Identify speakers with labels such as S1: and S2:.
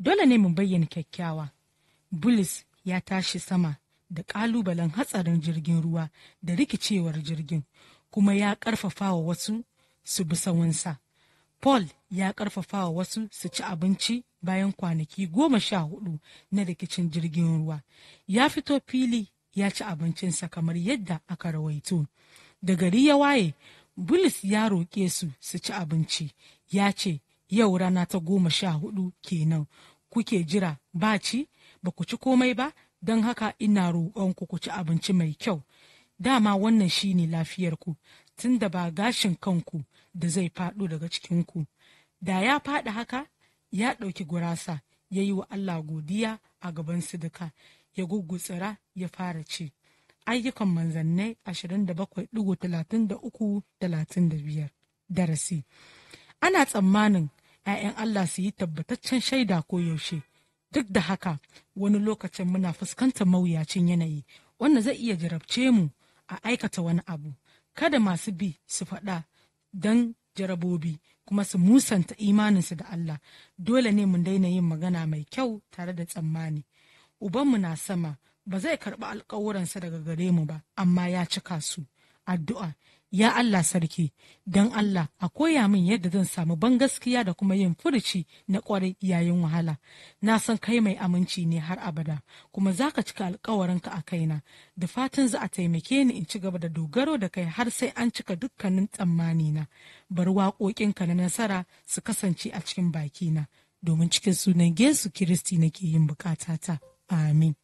S1: dole ne mu bayyana kyakkyawa Bulis ya tashi sama da ƙalubalen hatsarin jirgin ruwa da rikicewar jirgin kuma ya ƙarfafa wasu su bi sawunsa paul ya ƙarfafa wasu su ci abinci bayan kwanaki goma sha hudu na rikicin jirgin ruwa ya fito fili ya ci abincinsa kamar yadda aka rawaito da gari ya waye bulis ya roƙe su su ci abinci ya ce yau rana ta goma sha hudu kenan kuke jira ba ci ba ku ci komai ba don haka ina roƙonku ku ci abinci mai kyau dama wannan shine lafiyarku tun da ba gashin kanku da zai faɗo daga cikinku da ya faɗi haka ya ɗauki gurasa ya yi wa Allah godiya a gaban sidika ya gugutsira ya fara ce. ayyukan manzannai 27.33.35 darasi ana tsammanin 'ya'yan Allah su yi tabbataccen shaida ko yaushe. Duk da haka, wani lokacin muna fuskantar mawuyacin yanayi, wanda zai iya jarabce mu a aikata wani abu. Kada masu bi su faɗa don jarabobi kuma su musanta imaninsu da Allah, dole ne mu daina yin magana mai kyau tare da tsammani. Ubanmu na sama, ba zai karɓi alkawuransa daga gare mu ba, amma ya cika su. addu'a ya Allah sarki don Allah a koya min yadda zan samu ban gaskiya da kuma yin furuci na kwarai yayin wahala na san kai mai aminci ne har abada kuma za ka cika alkawarinka a kaina da fatan za a taimake ni in ci gaba da dogaro da kai har sai an cika dukkanin tsammani na bar waƙoƙinka na nasara su kasance a cikin bakina domin cikin sunan Yesu Kiristi nake yin ta, amin